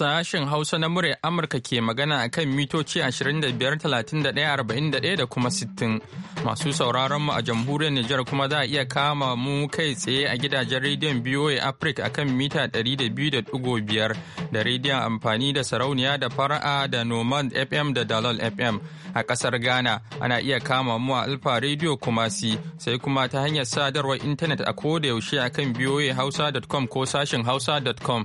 Sashen Hausa na murya Amurka ke magana a kan mitoci 25,31,41 da kuma 60. Masu sauraron mu a jamhuriyar Nijar kuma za a iya kama mu kai tsaye a gidajen rediyon BOA Africa a kan mita 200.5 da rediyon amfani da sarauniya da fara'a da Nomad FM da dalol FM. A ƙasar Ghana ana iya kama mu a Alfa Radio Kumasi sai kuma ta hanyar sadarwar intanet a da yaushe a kan BOA Hausa.com ko sashen Hausa.com.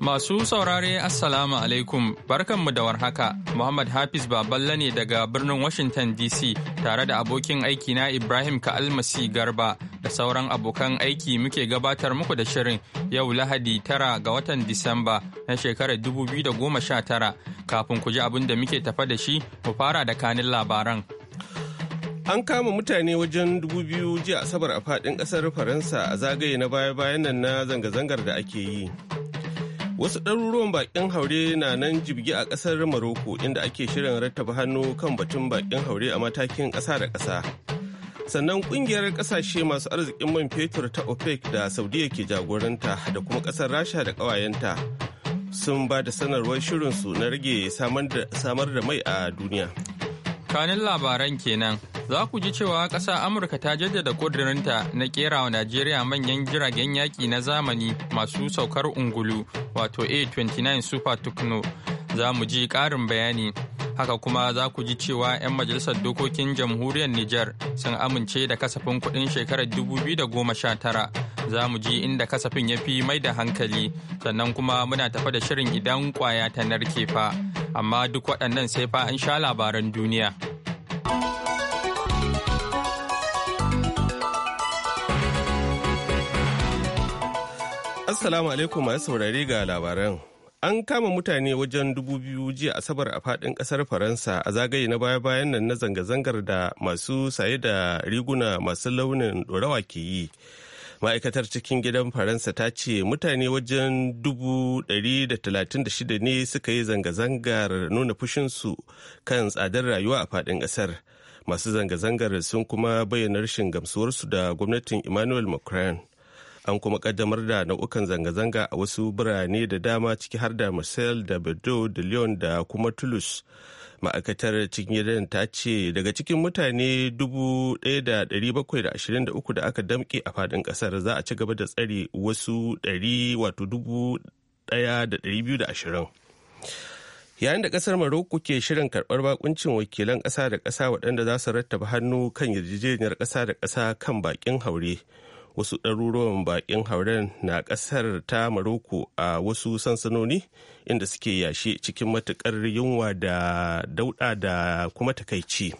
Masu saurare Assalamu alaikum barkanmu da warhaka Muhammad Hafiz Baballa ne daga birnin Washington DC tare da abokin aiki na Ibrahim Ka'almasi Garba da sauran abokan aiki muke gabatar muku da shirin yau Lahadi tara ga watan Disamba na shekarar 2019 kafin ku ji abin da muke tafa da shi mu fara da kanin labaran. An kama mutane wajen dubu jiya Asabar a faɗin ƙasar Faransa a zagaye na baya-bayan nan na zanga-zangar da ake yi. Wasu ɗaruruwan baƙin haure na nan jibgi a ƙasar Maroko inda ake shirin rattaba hannu kan batun baƙin haure a matakin ƙasa da ƙasa. Sannan ƙungiyar ƙasashe masu arzikin man fetur ta OPEC da Saudiya ke jagoranta da kuma ƙasar Rasha da ƙawayenta sun ba da sanarwar shirinsu na rage samar da mai a duniya. Kanin labaran kenan za ku ji cewa ƙasa Amurka ta jaddada ƙudurinta na ƙera wa Najeriya manyan jiragen yaƙi na zamani masu saukar ungulu wato A-29 Super Tucano. Za mu ji ƙarin bayani. Haka kuma za ku ji cewa 'yan majalisar dokokin jamhuriyar Nijar sun amince da kasafin kuɗin shekarar 2019. Za mu ji inda kasafin ya fi mai da hankali, sannan kuma muna tafa da shirin idan kwaya ta narke fa. amma duk waɗannan sai fa an sha labaran duniya. Assalamu alaikum masu saurari ga labaran. An kama mutane wajen dubu biyu jiya Asabar a faɗin ƙasar Faransa a zagaye na baya-bayan nan na zanga-zangar da masu saye da riguna masu launin ɗorawa ke yi. ma'aikatar cikin gidan faransa ta ce mutane wajen 136 ne suka yi zanga-zangar nuna fushinsu kan tsadar rayuwa a faɗin ƙasar masu zanga-zangar sun kuma bayyana rashin gamsuwarsu da gwamnatin emmanuel macron an kuma kaddamar da nau'ukan zanga-zanga a wasu birane da dama ciki har da marseille da bordeaux da lyon da kuma toulouse ma'aikatar cikin gidan ta ce daga cikin mutane 1,723 da aka damƙe a fadin ƙasar za a ci gaba da tsare wasu 1,220 yayin da kasar maroko ke shirin karbar bakuncin wakilan ƙasa da ƙasa waɗanda za su rattaba hannu kan yarjejeniyar ƙasa da ƙasa kan bakin haure wasu ɗaruruwan baƙin hauren na ƙasar ta maroko a wasu sansanoni inda suke yashe cikin matuƙar yunwa da dauɗa da kuma takaici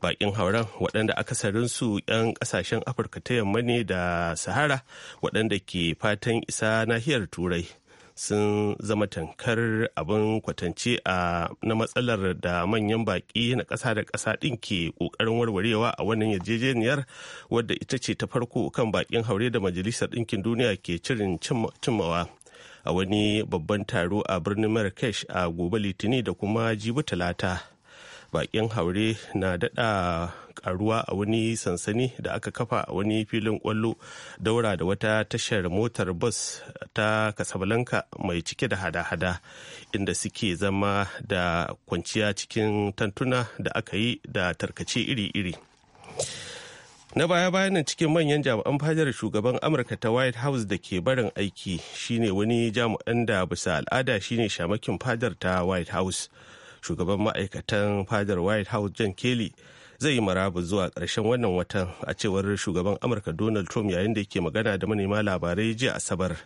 baƙin hauren waɗanda akasarin su 'yan ƙasashen afirka ta yamma ne da sahara waɗanda ke fatan isa nahiyar turai sun zama tankar abin kwatance a na matsalar da manyan baƙi na ƙasa da ƙasa ɗin ke ƙoƙarin warwarewa a wannan yarjejeniyar wadda ita ce ta farko kan baƙin haure da majalisar ɗinkin duniya ke cirin cimmawa a wani babban taro a birnin marrakesh a gobe litini da kuma jibi talata bakin haure na dada karuwa a wani sansani da aka kafa a wani filin kwallo daura da wata tashar motar bus ta kasabalanka mai cike da hada-hada inda suke zama da kwanciya cikin tantuna da aka yi da tarkace iri-iri na baya bayanin cikin manyan jami'an fadar shugaban amurka ta white house da ke barin aiki shine wani jami'an da bisa al'ada shine shamakin fadar ta white house shugaban ma'aikatan fadar white house john kelly zai yi maraba zuwa ƙarshen wannan watan a cewar shugaban amurka donald trump yayin da yake magana da manema labarai jiya asabar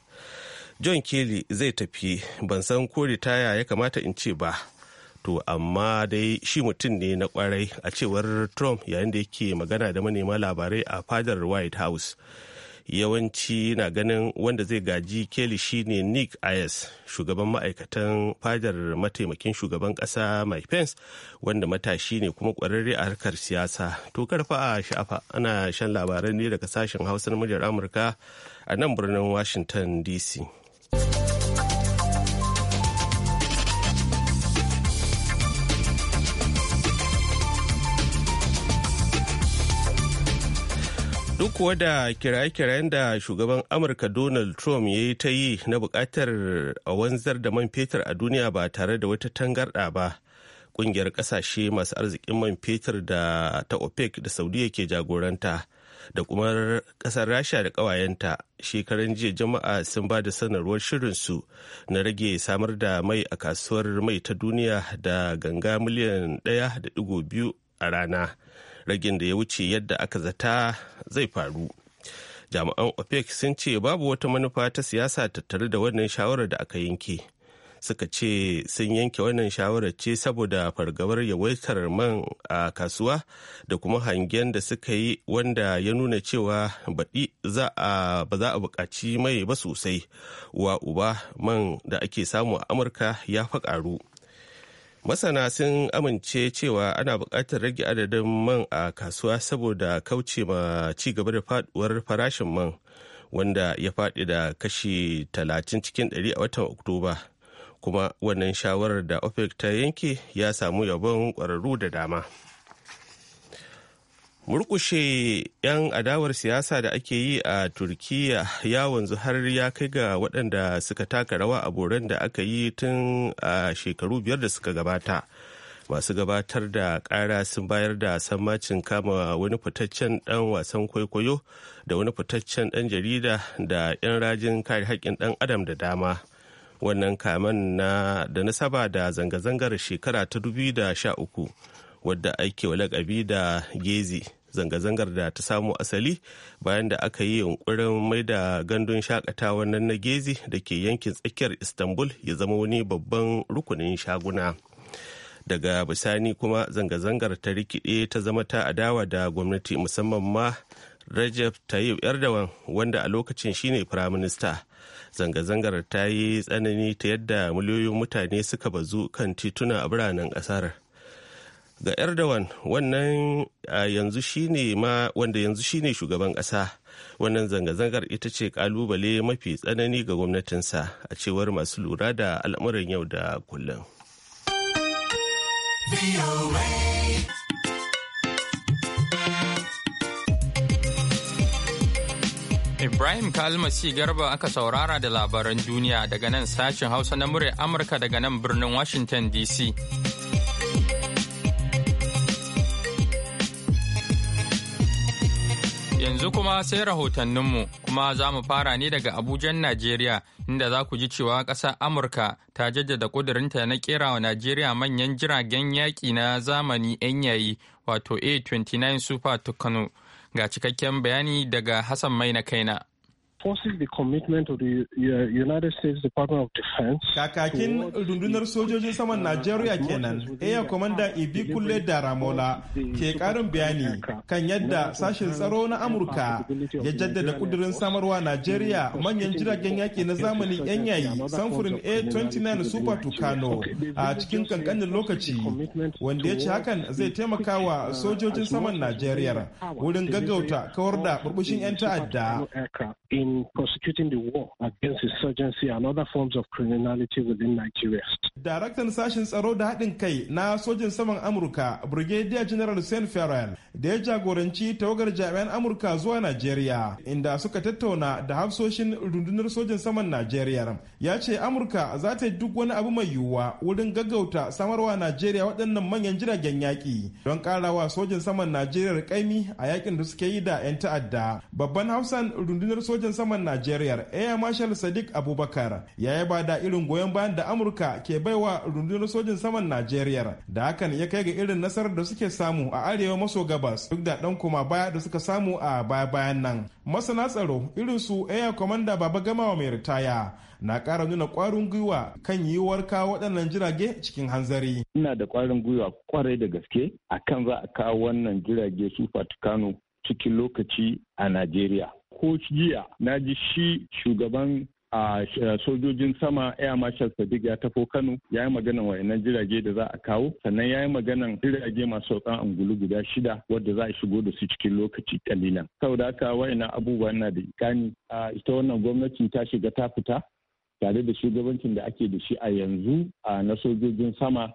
john kelly zai tafi ban san ko ritaya ya kamata in ce ba to amma dai shi mutum ne na kwarai a cewar trump yayin da yake magana da manema labarai a fadar white house yawanci na ganin wanda zai gaji keli shine nick ayers shugaban ma'aikatan fadar mataimakin shugaban kasa mike pence wanda matashi ne kuma kwararre a harkar siyasa to karfa a sha'afa ana shan labaran ne daga sashen hausa na muryar amurka a nan birnin washington dc duk kuwa da kiraye-kirayen da shugaban amurka donald trump ya yi ta yi na bukatar a wanzar da man fetur a duniya ba tare da wata tangarɗa ba ƙungiyar ƙasashe masu arzikin man fetur da ta opec da saudiya ke jagoranta da kuma kasar rasha da kawayenta shekaran jiya jama'a sun ba da sanarwar shirinsu na rage samar da mai a kasuwar mai ta duniya da ganga miliyan 1.2 a rana ragin da ya wuce yadda aka zata zai faru jami'an opec sun ce babu wata manufa ta siyasa tattare da wannan shawarar da aka yanke suka ce sun yanke wannan shawarar ce saboda fargabar yawaitar man a kasuwa da kuma hangen da suka yi wanda ya nuna cewa baɗi ba za a buƙaci mai ba sosai wa uba man da ake samu a amurka ya faƙaru. masana sun amince cewa ana buƙatar rage adadin man a kasuwa saboda kauce ma ci gaba da faduwar farashin man wanda ya faɗi da kashi talatin cikin 100 a watan oktoba kuma wannan shawarar da opec ta yanke ya samu yabon ƙwararru da dama murkushe 'yan adawar siyasa da ake yi a turkiya ya wanzu har ya kai ga waɗanda suka taka rawa a boran da aka yi tun a shekaru biyar da suka gabata masu gabatar da ƙara sun bayar da sammacin kama wani fitaccen ɗan wasan kwaikwayo da wani fitaccen ɗan jarida da 'yan rajin kare haƙƙin ɗan adam da dama wannan kaman na da nasaba da zanga-zangar shekara ta 2013 wadda ake wa lakabi da gezi zanga-zangar da ta samu asali bayan da aka yi yunkurin mai da gandun shakatawa na gezi da ke yankin tsakiyar istanbul ya zama wani babban rukunin shaguna daga bisani kuma zanga-zangar ta rikide ta zama ta adawa da gwamnati musamman ma ta Tayyip Erdogan wanda a lokacin shine firaminista. Zanga-zangar ta yi tsanani ta yadda miliyoyin mutane suka bazu kan tituna a biranen ƙasar. ga erdogan wannan yanzu shine ma wanda yanzu shine shugaban ƙasa wannan zanga-zangar ita ce kalubale mafi tsanani ga gwamnatinsa a cewar masu lura da al'amuran yau da kullum Ibrahim Kalmasi Garba aka saurara da labaran duniya daga nan sashen Hausa na murya Amurka daga nan birnin Washington DC. Yanzu kuma sai rahotanninmu kuma za mu fara ne daga Abujan Najeriya inda za ku ji cewa ƙasar Amurka ta jaddada ƙudurinta na kera wa Najeriya manyan jiragen yaƙi na zamani 'yan yayi wato A-29 Super Tucano. Ga cikakken bayani daga Hassan Mai na kaina. enforces the commitment of the uh, United States Kakakin rundunar sojojin saman Najeriya kenan, Air Commander Ibi Kulle Daramola ke karin bayani kan yadda sashen tsaro na Amurka ya jaddada kudirin samarwa Najeriya manyan jiragen yaki na zamani yan yayi samfurin A29 Super Tucano a cikin kankanin lokaci wanda ya ce hakan zai taimaka wa uh, sojojin saman Najeriya wurin gaggauta kawar da burbushin 'yan ta'adda. In prosecuting the war against insurgency and other forms of criminality within Nigeria. Daraktan sashen tsaro da haɗin kai na sojin saman Amurka, Brigadier General Sen Farrell, da ya jagoranci tawagar jami'an Amurka zuwa Najeriya, inda suka tattauna da hafsoshin rundunar sojin saman Najeriya. Ya ce Amurka za ta yi duk wani abu mai yiwuwa wurin gaggauta samarwa Najeriya waɗannan manyan jiragen yaƙi don ƙarawa sojin saman Najeriya kaimi a yakin da suke yi da 'yan ta'adda. Babban hausan rundunar sojin saman Najeriya Air Marshal Sadiq Abubakar ya yaba bada irin goyon bayan da Amurka ke baiwa rundunar sojin saman Najeriya da hakan ya kai ga irin nasarar da suke samu a arewa maso gabas duk da dan kuma baya da suka samu a baya bayan nan. Masana tsaro irin su Air Commander Baba Gamawa mai ritaya na ƙara nuna ƙwarin gwiwa kan yiwuwar kawo waɗannan jirage cikin hanzari. Ina da ƙwarin gwiwa kwarai da gaske akan za a kawo wannan jirage su Fatikano cikin lokaci a Najeriya. ko jiya na ji shi shugaban a sojojin sama air marshal sadiq ya tafo kano ya yi maganan wayannan jirage da za a kawo sannan ya yi maganan jirage masu saukan angulu guda shida wadda za a shigo da su cikin lokaci kalilan saboda haka wayannan abubuwa na da ikani ita wannan gwamnati ta shiga ta fita tare da shugabancin da ake da shi a yanzu a na sojojin sama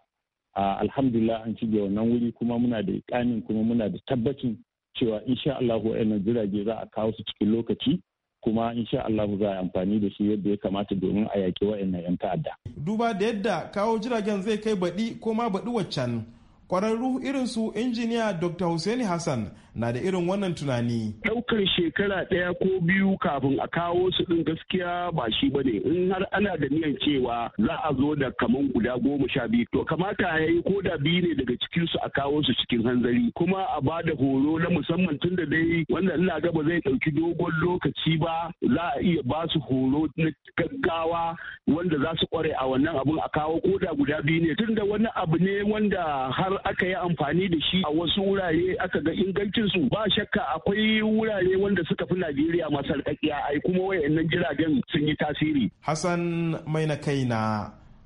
alhamdulillah an shige wannan wuri kuma muna da ikanin kuma muna da tabbacin cewa insha Allah wa'annan jirage za a kawo su cikin lokaci kuma insha allahu za a amfani da shi yadda ya kamata domin a yaƙi wa'annan 'yan ta'adda. Duba da yadda kawo jiragen zai kai baɗi ko ma baɗi waccan. Kwararru irin su injiniya Dr. Hussaini Hassan na da irin wannan tunani. ɗaukar shekara ɗaya ko biyu kafin a kawo su ɗin gaskiya ba shi ba in har ana da niyan cewa za a zo da kaman guda goma sha biyu to kamata ya yi ko da biyu ne daga cikin su a kawo su cikin hanzari kuma a ba da horo na musamman tun da dai wanda ina ga ba zai ɗauki dogon lokaci ba za a iya ba su horo na gaggawa wanda za su kware a wannan abun a kawo ko da guda biyu ne tun da wani abu ne wanda har aka yi amfani da shi a wasu wurare aka ga ingancinsu ba shakka akwai wurare wurare wanda suka fi Najeriya masu ai kuma wayannan jiragen sun yi tasiri. Hassan mai na kai na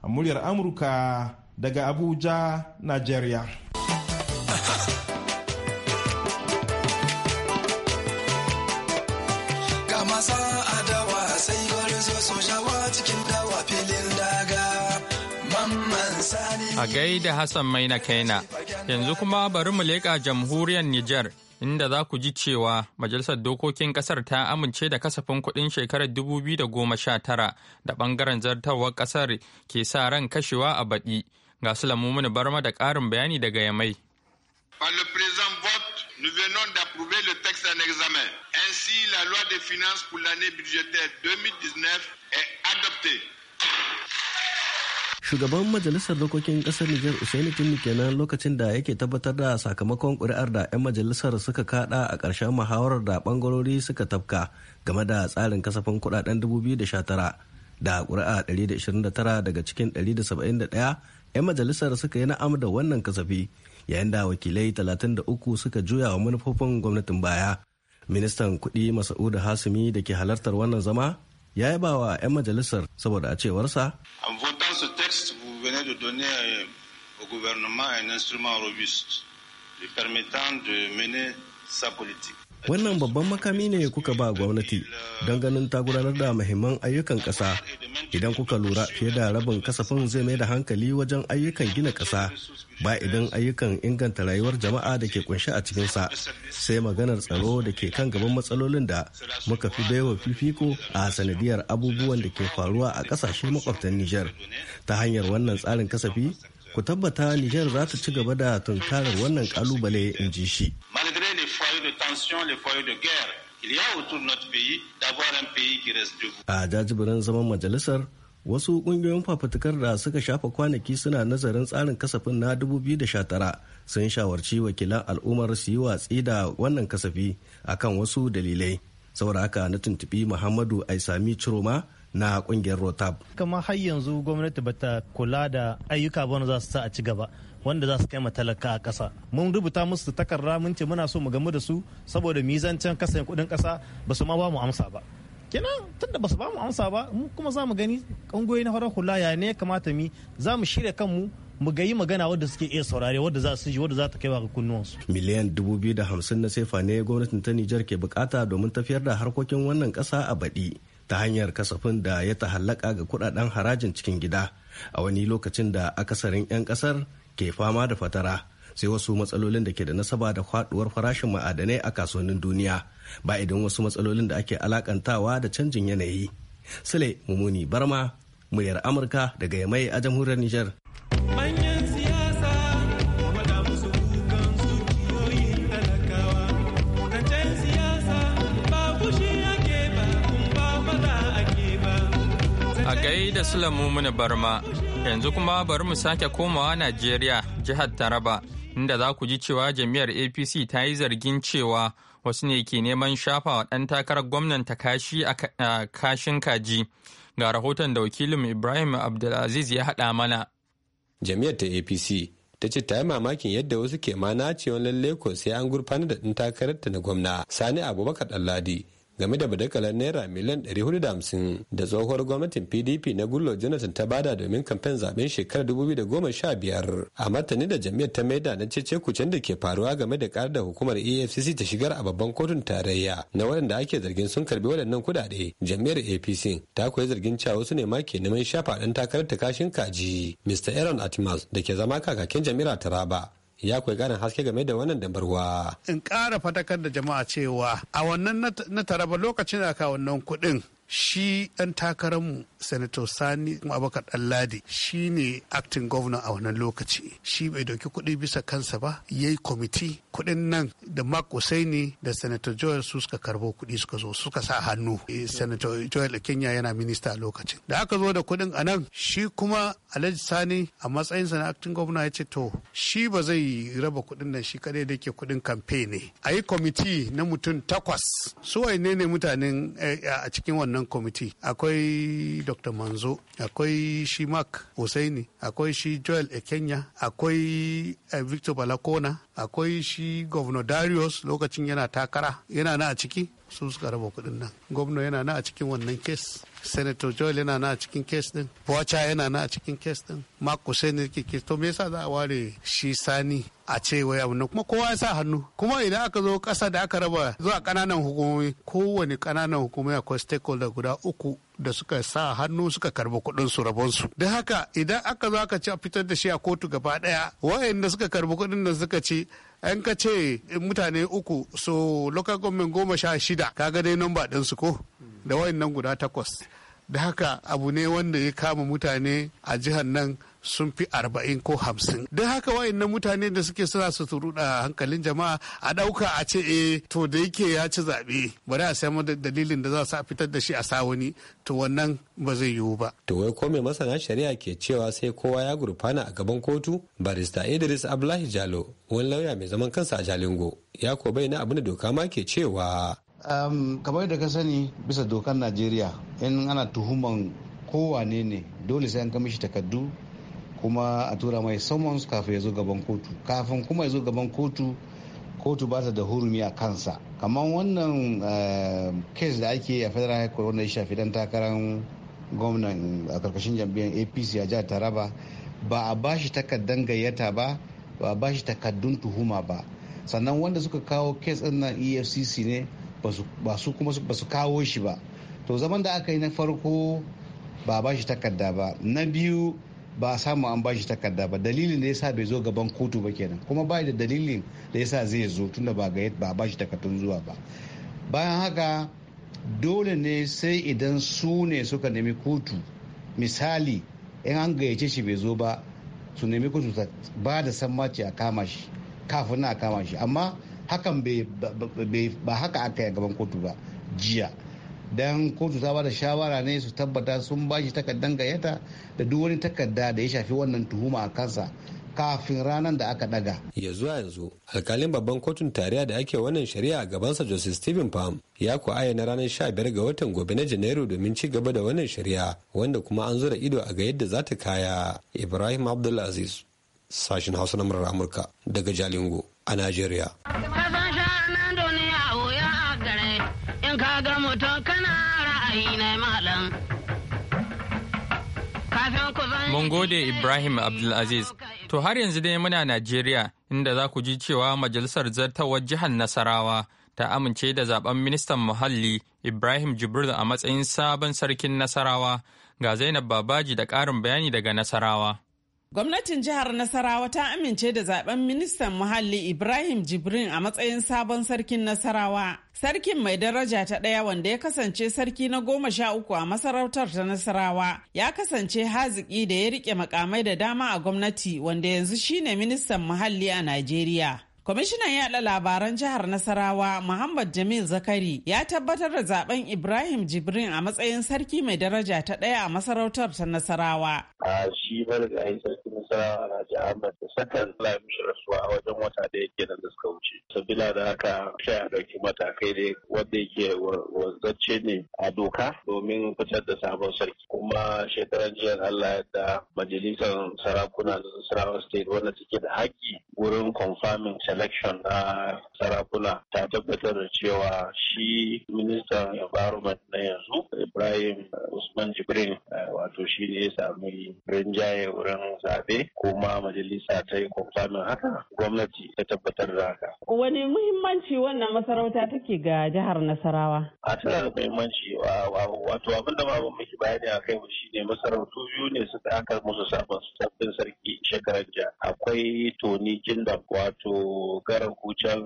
muryar Amurka daga Abuja, Najeriya. A gaida Hassan mai na kaina, yanzu kuma bari mu leƙa jamhuriyar Nijar. inda za ku ji cewa Majalisar Dokokin Ƙasar ta amince da kasafin kuɗin shekarar 2019 da ɓangaren zartawar ƙasar ke sa ran kashewa a baɗi. Ga su mini barma da ƙarin bayani daga Yamai. Par le vote, nous venons d'approuver le texte en examen. Ainsi, la loi des finances pour l'année budgétaire 2019 est adoptée. shugaban majalisar dokokin kasar Nijar Usaini Tinni kenan lokacin da yake tabbatar da sakamakon kuri'ar da 'yan majalisar suka kada a ƙarshen muhawarar da bangarori suka tafka game da tsarin kasafin kudaden 2019 da kuri'a 129 daga cikin 171 'yan majalisar suka yi na'am da wannan kasafi yayin da wakilai 33 suka juya wa manufofin gwamnatin baya ministan kuɗi masa'udu Hasumi da ke halartar wannan zama ya yaba wa 'yan majalisar saboda a cewarsa ce texte, vous venez de donner euh, au gouvernement un instrument robuste lui permettant de mener sa politique. wannan babban makami ne kuka ba gwamnati don ganin ta gudanar da muhimman ayyukan ƙasa idan kuka lura fiye da rabin kasafin zai mai da hankali wajen ayyukan gina ƙasa ba idan ayyukan inganta rayuwar jama'a da ke kunshi a cikinsa sai maganar tsaro da ke kan gaban matsalolin da muka fi baiwa fifiko a sanadiyar abubuwan da ke faruwa a ƙasashe makwabtan nijar ta hanyar wannan tsarin kasafi ku tabbata nijar za ta ci gaba da tunkarar wannan kalubale in ji shi de tension, les foyers de guerre qu'il y a autour de notre pays, d'avoir un pays qui reste debout. A jajibirin zaman majalisar, wasu kungiyoyin fafutukar da suka shafa kwanaki suna nazarin tsarin kasafin na 2019 sun shawarci wakilan al'ummar su yi watsi da wannan kasafi akan wasu dalilai. saboda haka na tuntubi muhammadu aisami ciroma na kungiyar rotab kamar har yanzu gwamnati bata kula da ayyuka ba za su sa a ci gaba wanda za su kai talaka a kasa mun rubuta musu takarda mun ce muna so mu gamu da su saboda mizancen kasayin kuɗin kasa ba su ma ba mu amsa ba kina tunda ba su ba mu amsa ba mu kuma za mu gani ƙungiyoyi na farar hula ya ne ya kamata mi za mu shirya kanmu mu ga yi magana wadda suke iya saurare wadda za su ji wadda za ta kai wa kunnuwansu. Miliyan dubu biyu da hamsin na sefa ne gwamnatin ta Nijar ke bukata domin tafiyar da harkokin wannan kasa a baɗi ta hanyar kasafin da ya ta hallaka ga kudaden harajin cikin gida a wani lokacin da akasarin 'yan kasar ke fama da fatara sai wasu matsalolin da ke da nasaba da faduwar farashin ma'adanai a kasuwannin duniya ba idan wasu matsalolin da ake alakantawa da canjin yanayi sule mumuni barma muryar amurka daga yamai a jamhuriyar niger a gai da sulamu barma Yanzu kuma bari mu sake komawa Najeriya jihar Taraba inda za ku ji cewa jami'ar APC ta yi zargin cewa wasu ne ke neman shafa wa ɗan takarar gwamnan ta kashi a kashin kaji. Ga rahoton da wakilin Ibrahim Abdulaziz ya haɗa mana. Jami'ar ta APC ta ce ta yi mamakin yadda wasu ke ma nacewa lalle ko sai an gurfanar da ɗan takararta na gwamna Sani Abubakar Ɗanladi. game da badakalar naira miliyan 450 da tsohuwar gwamnatin pdp na gullo jonathan ta bada domin kamfen zaben shekarar 2015 a martani da jami'ar ta maida na cece kucen da ke faruwa game da karar da hukumar efcc ta shigar a babban kotun tarayya na waɗanda ake zargin sun karbi waɗannan kuɗaɗe jami'ar apc ta koyi zargin cewa wasu ne ma ke neman shafa ɗan takarar ta kashin kaji mr aaron atmas da ke zama kakakin jami'ar taraba ya koyi ganin haske game da wannan dambarwa. In ƙara fatakar da jama'a cewa a wannan na taraba lokacin da ka wannan kuɗin shi ɗan takararmu senator sani abubakar ɗanladi shi ne acting governor a wannan lokaci shi bai dauki kuɗi bisa kansa ba ya yi kwamiti kuɗin nan da mark Hussaini da senator joel su suka karbo kuɗi suka zo suka sa hannu eh, senator joel kenya yana minista a lokacin da aka zo da kuɗin a nan shi kuma alhaji sani a matsayinsa na acting governor ya ce to shi ba zai raba kuɗin nan shi kadai da ke kuɗin kamfe ne a yi kwamiti na mutum takwas su ne ne mutanen eh, a cikin wannan wannan kwamiti akwai dr manzo akwai shi mark Hussaini akwai shi joel ekenya akwai eh, victor balakona akwai shi governor darius lokacin yana takara yana na a ciki su suka raba kuɗin nan gwamna yana na a cikin wannan kes senator joel yana na a cikin kes din bocha yana na a cikin kes din mako sai ne ke to me yasa za a ware shi sani a ce wai abu kuma kowa ya sa hannu kuma idan aka zo kasa da aka raba zuwa kananan hukumomi kowane kananan hukumomi akwai stakeholder guda uku da suka sa hannu suka karbi kuɗin su rabon su da haka idan aka zo aka ci a fitar da shi a kotu gaba daya wayanda suka karbi kuɗin da suka ci an ka ce mutane uku so local government goma sha shida Ka ga dai din ɗinsu ko da wayan nan guda takwas da haka abu ne wanda ya kama mutane a jihar nan sun fi arba'in ko hamsin don haka wayan nan mutane da suke suna su da hankalin jama'a a ɗauka a ce e to da yake ya ci zaɓe bari a da dalilin da za su fitar da shi a sawuni to wannan ba zai yiwu ba. to wai ko mai masana shari'a ke cewa sai kowa ya gurfana a gaban kotu barista idris abdullahi jalo wani lauya mai zaman kansa a jalingo ya ko na abin da doka ma ke cewa Um, kamar da ka sani bisa dokar najeriya in ana tuhuman kowane ne dole sai an kama shi takaddu kuma a tura mai summons kafin ya zo gaban kotu kafin kuma ya zo gaban kotu kotu ba ta da hurumi a kansa kamar wannan kes eh, da ake a federal high court wanda ya shafi dan takarar gwamnan a karkashin jam'iyyar apc a jihar taraba ba a ba shi takaddan gayyata ba ba a ba shi takardun tuhuma ba sannan wanda suka kawo kes din nan efcc ne ba su kuma ba su kawo shi ba to zaman da aka yi na farko ba ba shi takarda ba na biyu ba samu an ba shi takarda ba dalilin da yasa bai zo gaban kotu ba kenan kuma ba da dalilin da yasa zai zo tunda ba ga ba ba shi takardun zuwa ba bayan haka dole ne sai idan su ne suka nemi kotu misali in an gayyace shi bai zo ba su nemi kotu ba da sammaci a kama shi kafin a kama shi amma hakan ba haka aka yi gaban kotu ba jiya don kotu ta ba da shawara ne su tabbata sun ba shi takardar gayyata da duk wani takarda da ya shafi wannan tuhuma a kansa kafin ranar da aka daga. ya zuwa yanzu alkalin babban kotun tarayya da ake wannan shari'a a gabansa joseph stephen palm ya ku na ranar 15 ga watan gobe na janairu domin ci gaba da wannan shari'a wanda kuma an zura ido a ga yadda za ta kaya ibrahim abdulaziz sashen hausa na murar amurka daga jalingo a najeriya in ka ga Mun gode Ibrahim Abdulaziz. To har yanzu dai muna Najeriya inda za ku ji cewa Majalisar Zartawar Jihar Nasarawa ta amince da zaben ministan muhalli Ibrahim Jibril a matsayin sabon sarkin Nasarawa ga Zainab Babaji da karin bayani daga Nasarawa. Gwamnatin jihar Nasarawa ta amince da zaben ministan muhalli Ibrahim Jibrin a matsayin sabon sarkin Nasarawa. Sarkin mai daraja ta ɗaya wanda ya kasance sarki na goma sha uku a masarautar ta Nasarawa ya kasance haziki da ya rike makamai da dama a gwamnati wanda yanzu shine ministan muhalli a Najeriya. Kwamishinan yaɗa labaran jihar Nasarawa Muhammad Jamil Zakari ya tabbatar da zaben Ibrahim Jibrin a matsayin sarki mai daraja ta ɗaya a masarautar ta Nasarawa. A shi marigayi sarki Nasarawa na ji Ahmad da sakan lamishi rasuwa a wajen wata da yake nan da suka wuce. Sabila da haka sai a matakai ne wanda yake wanzacce ne a doka domin fitar da sabon sarki. Kuma shekaran jiya Allah yadda da majalisar sarakuna na Nasarawa State wanda take da haƙƙi wurin confirming election na sarakuna ta tabbatar da cewa shi ministan environment na yanzu Ibrahim Usman Jibrin eh, wato shi ne ya sami rinjaye wurin zaɓe kuma majalisa ta yi kwamfamin haka gwamnati ta tabbatar da haka. Wani muhimmanci wannan masarauta take ga jihar Nasarawa? A tana da muhimmanci wato abin da babu muke bayani a kai shi ne masarautu biyu ne suka aka musu sabon sabbin sarki shekarar jiya. Akwai Toni Kindam wato garin kucan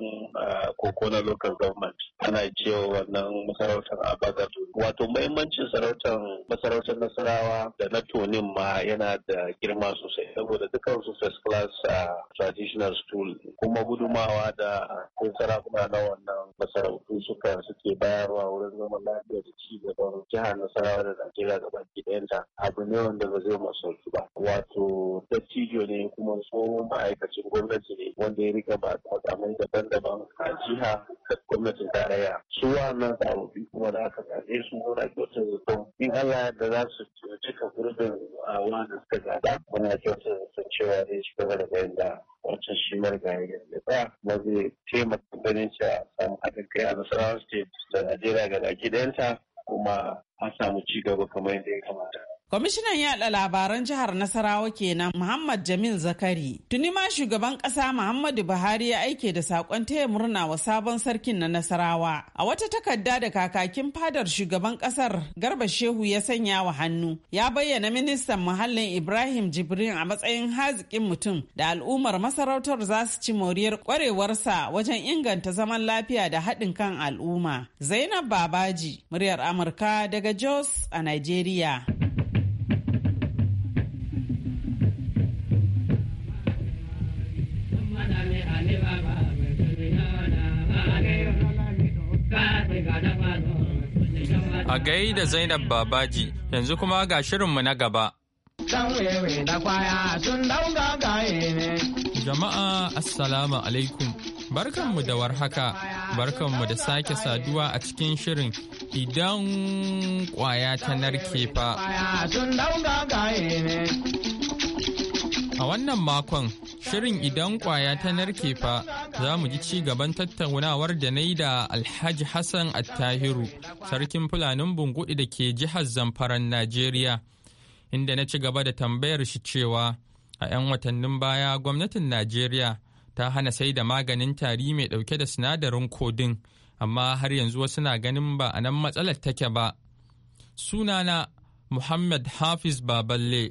koko ah, na local government ana cewa wannan masarautar abagado wato mahimmancin sarautar masarautar nasarawa da na tonin ma yana da girma sosai saboda dukkan su first class ah, traditional school kuma gudumawa da kun sarakuna na wannan masarautu suka suke bayarwa wurin zaman lafiya da ci gaban jihar nasarawa da najeriya gaba ɗayanta abu ne wanda ba zai masauki ba wato dattijo ne kuma tsohon ma'aikacin gwamnati ne wanda ya rika ba da daban-daban a jiha da gwamnatin tarayya su wannan sababbi kuma da aka zaɓe su muna kyautar zato in Allah da za su cika gurbin a ah, wani suka zaɓa muna kyautar zaton cewa zai ci gaba da bayan da wancan shi marigayi ya tsaya kuma zai taimaka ganin a samun haɗin kai a nasarar state da Najeriya ga daki ɗayanta kuma an samu ci gaba kamar yadda ya kamata. Kwamishinan Yaɗa labaran jihar Nasarawa kenan Muhammad Jamil Zakari. Tuni ma shugaban ƙasa Muhammadu Buhari ya aike da saƙon taya murna wa sabon sarkin na Nasarawa. A wata takarda da kakakin fadar shugaban ƙasar Garba Shehu ya sanya wa hannu, ya bayyana ministan muhallin Ibrahim Jibrin a matsayin hazikin mutum da al'ummar masarautar za su ci moriyar kwarewarsa wajen inganta zaman lafiya da haɗin kan al'umma. Zainab Babaji, muryar Amurka daga Jos a Najeriya. A da Zainab Babaji yanzu kuma ga shirinmu na gaba. Jama'a Assalamu alaikum. Barkanmu da warhaka, barkanmu da sake saduwa a cikin shirin idan kwaya ta narke fa. wannan makon shirin idan kwaya ta narke fa za mu ji ci gaban tattaunawar da na yi da Alhaji Hassan Attahiru, sarkin Fulanin Bunguɗi da ke jihar Zamfaran Najeriya, inda na ci gaba da tambayar shi cewa a 'yan watannin baya gwamnatin Najeriya ta hana sai da maganin tari mai ɗauke da sinadarin kodin, amma har yanzu wasu na ganin ba a nan matsalar take ba. Sunana Muhammad Hafiz Baballe.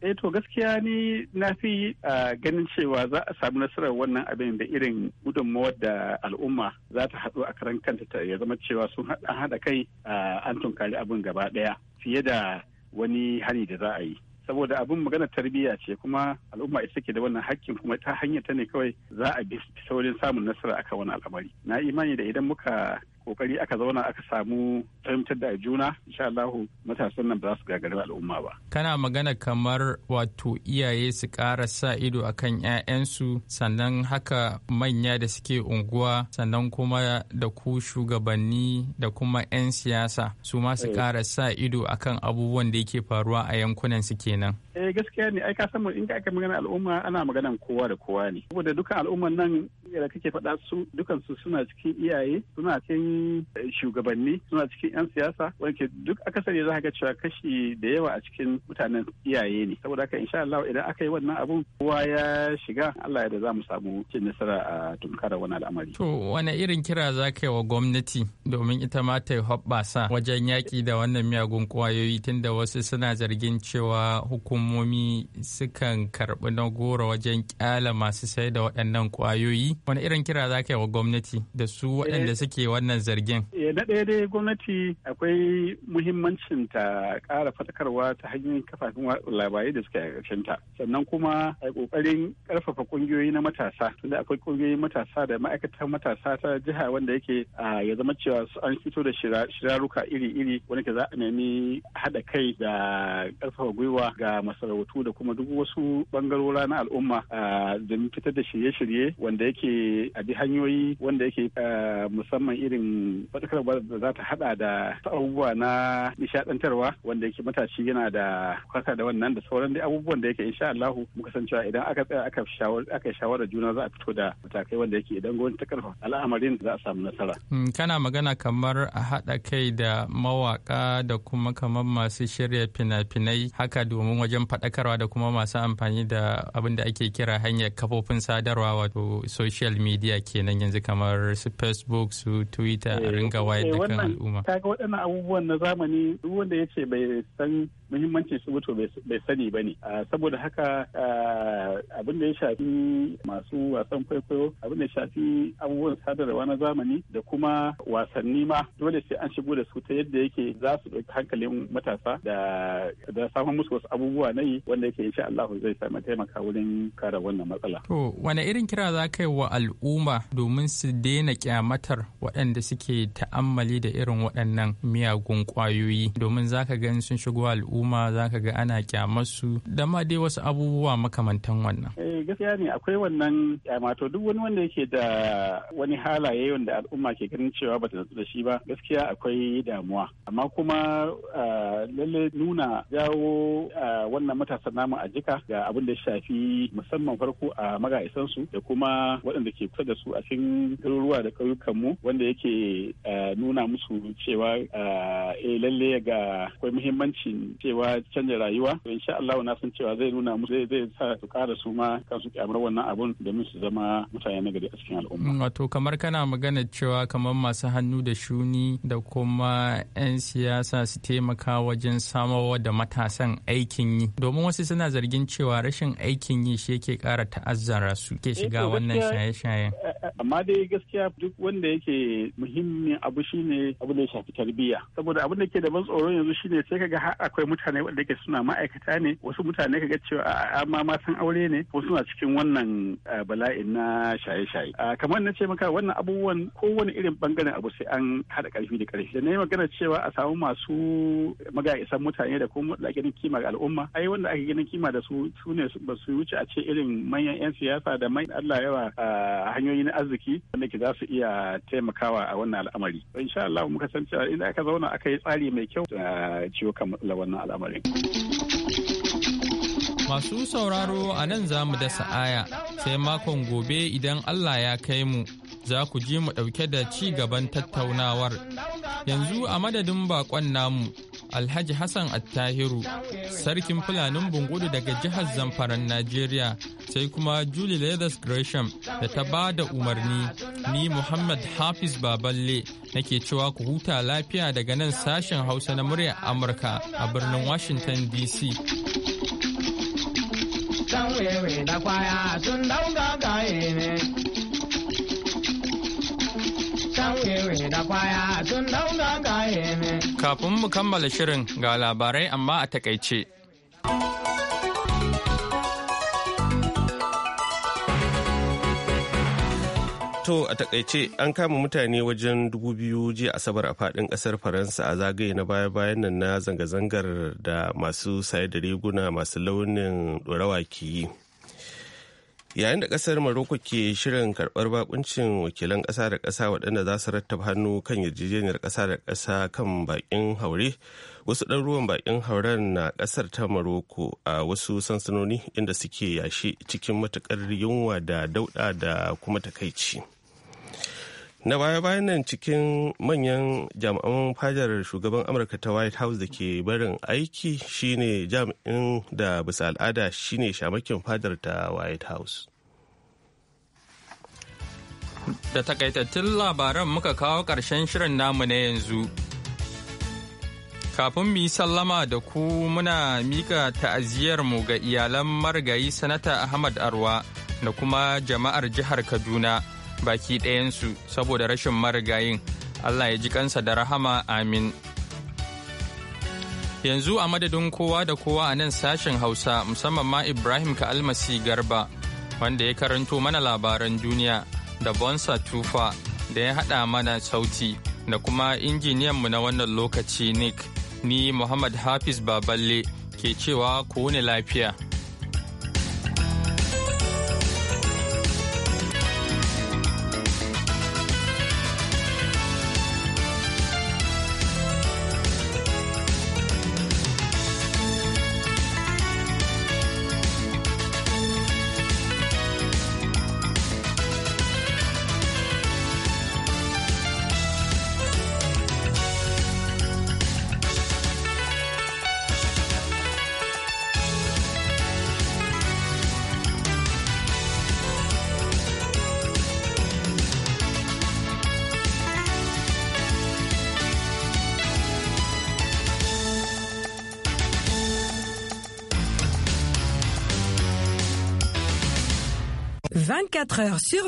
eh to gaskiya ni na fi ganin cewa za a samu nasarar wannan abin da irin gudunmawar da al'umma za ta haɗu a karan kanta ya zama cewa sun haɗa kai an tunkari abin gaba ɗaya fiye da wani hani da za a yi saboda abin magana tarbiyya ce kuma al'umma ita take da wannan hakkin kuma ta hanyar ta ne kawai za a bi saurin samun nasara akan wani al'amari na imani da idan muka kokari aka zauna aka samu fahimtar da juna insha Allah matasan nan ba za su gagari al'umma ba kana magana kamar wato iyaye su ƙara sa ido akan 'ya'yansu sannan haka manya da suke unguwa sannan kuma da ku shugabanni da kuma 'yan siyasa su ma su eh. ƙara sa ido akan abubuwan da yake faruwa a yankunan su kenan eh gaskiya ne ai ka san mu in ka aka magana al'umma ana maganan kowa da kowa ne saboda dukkan al'umman nan da kake faɗa su dukansu suna cikin iyaye suna cikin eh, shugabanni suna cikin 'yan siyasa wanke duk akasari za ga cewa kashi da yawa a cikin mutanen iyaye ne saboda haka insha Allah idan aka yi wannan abun kowa ya shiga Allah ya da za mu samu cin nasara a tunkara wani al'amari. To wani irin kira za ka yi wa gwamnati domin ita ma ta yi hoɓɓasa wajen yaki da wannan miyagun ƙwayoyi tunda wasu suna zargin cewa hukumomi sukan karɓi na goro wajen ƙyala masu sai da waɗannan kwayoyi. wani irin kira za ka yi wa gwamnati da su waɗanda eh. suke wannan zargin eh, na ɗaya dai gwamnati akwai muhimmancin ta ƙara fatakarwa ta hanyoyin kafafen labarai da suke a ta sannan kuma a ƙoƙarin ƙarfafa ƙungiyoyi na matasa tunda akwai ƙungiyoyin matasa da ma'aikatan matasa ta jiha wanda yake ya zama cewa an fito da shiraruka iri-iri wanda ke za a nemi haɗa kai da ƙarfafa gwiwa ga masarautu da kuma duk wasu ɓangarora na al'umma domin fitar da shirye-shirye wanda yake yake a bi hanyoyi wanda yake eh, musamman irin faɗakarwa da za ta haɗa da abubuwa na nishaɗantarwa wanda yake matashi yana da kwaka da wannan da sauran dai abubuwan da yake insha Allah muka san idan aka tsaya aka shawar aka shawara juna za a fito da matakai wanda yake idan gwamnati ta karfa al'amarin za a samu nasara. Hmm, kana magana kamar a haɗa kai da mawaka da kuma kamar masu shirya fina-finai haka domin wajen faɗakarwa da kuma masu amfani da abin da ake kira hanyar kafofin sadarwa wato social social media kenan yanzu kamar su facebook su twitter a eh, ringa wayar da eh, kan al'umma kaga waɗannan abubuwan na zamani duk wanda ya ce bai san muhimmancin wato bai sani ba ne ah, saboda haka ah, abin da ya shafi masu wasan kwaikwayo abin da ya shafi abubuwan sadarwa na zamani da kuma wasanni ma dole sai an shigo da su ta yadda yake za su ɗauki hankalin matasa da da samun musu wasu abubuwa na yi wanda yake insha Allah zai sami taimaka wurin kare wannan matsala. To wane irin kira za ka yi wa al'umma domin su daina kyamatar waɗanda suke ta'ammali da irin waɗannan miyagun ƙwayoyi domin za ka gani sun shigo al'umma al'umma za ka ga ana kyamarsu da ma dai wasu abubuwa makamantan wannan. Eh gaskiya ne akwai wannan to duk wani wanda yake da wani halaye wanda al'umma ke ganin cewa bata nutsu da shi ba gaskiya akwai damuwa amma kuma lalle nuna jawo wannan matasan namu a jika ga abin da ya shafi musamman farko a su da kuma waɗanda ke kusa da su a cikin garuruwa da ƙauyukan mu wanda yake nuna musu cewa eh lalle ga akwai muhimmancin cewa canja rayuwa sha Allah na san cewa zai nuna musu zai sa su kara su ma kansu kyamar wannan abun domin su zama mutane na gari a cikin al'umma mm, wato kamar kana magana cewa kamar masu hannu da shuni da kuma 'yan siyasa su taimaka wajen samarwa da matasan aikin yi domin wasu suna zargin cewa rashin aikin yi shi yake kara ta'azzara su ke eh, shiga wannan shaye shaye eh, eh, amma dai gaskiya duk wanda yake muhimmin abu shine abu da ya shafi tarbiyya saboda abin da ke da ban tsoro yanzu shine sai kaga har akwai mutane wanda ke suna ma'aikata ne wasu mutane ka ga cewa a ma matan aure ne ko suna cikin wannan bala'in na shaye-shaye kamar na ce maka wannan abubuwan kowane irin bangaren abu sai an haɗa ƙarfi da ƙarfi da na yi magana cewa a samu masu isan mutane da kuma da ganin kima ga al'umma ai wanda ake ganin kima da su su ne ba su wuce a ce irin manyan 'yan siyasa da mai Allah yawa hanyoyi na arziki wanda ke za su iya taimakawa a wannan al'amari insha Allah muka san cewa idan aka zauna aka yi tsari mai kyau a ciwo kan matsalar na alaikum. Masu sauraro a nan za mu dasa aya sai makon gobe idan Allah ya kai mu za ku ji mu ɗauke da ci gaban tattaunawar. Yanzu a madadin bakon namu Alhaji Hassan Attahiru, sarkin Fulanin Bungudu daga jihar Zamfaran Najeriya, sai kuma Julie Leathers Gresham da ta ba da umarni ni Muhammad Hafiz Baballe nake cewa ku huta lafiya daga nan sashen Hausa na muryar Amurka a birnin Washington DC. Kafin mu kammala shirin ga labarai amma a takaice. To a takaice an kama mutane wajen dubu biyu jiya asabar a fadin kasar Faransa a zagaye na baya-bayan nan na zanga-zangar da masu saye da riguna masu launin ɗorawa ke yi. yayin da kasar maroko ke shirin karbar bakuncin wakilan kasa da kasa waɗanda za su rattaba hannu kan yarjejeniyar kasa da kasa kan bakin haure wasu ruwan bakin hauren na kasar ta maroko a wasu sansanoni inda suke yashi cikin matukar yunwa da dauɗa da kuma takaici. na baya-bayan nan cikin manyan jami'an fadar shugaban amurka ta white house da ke barin aiki shine jami'in da bisa al'ada shine shamakin fadar ta white house da takaitattun labaran muka kawo ƙarshen shirin namu na yanzu kafin mu yi sallama da ku muna mika ta'aziyarmu ga iyalan marigayi sanata ahmad arwa da kuma jama'ar jihar kaduna baki ɗayansu saboda rashin marigayin Allah ya ji kansa da rahama amin. Yanzu a madadin kowa da kowa a nan sashen Hausa musamman ma Ibrahim Ka'almasi Garba wanda ya karanto mana labaran duniya da Bonsa Tufa da ya haɗa mana sauti da kuma mu na wannan lokaci Nick ni Muhammad Hafiz Baballe ke cewa ku ne lafiya. 24 heures sur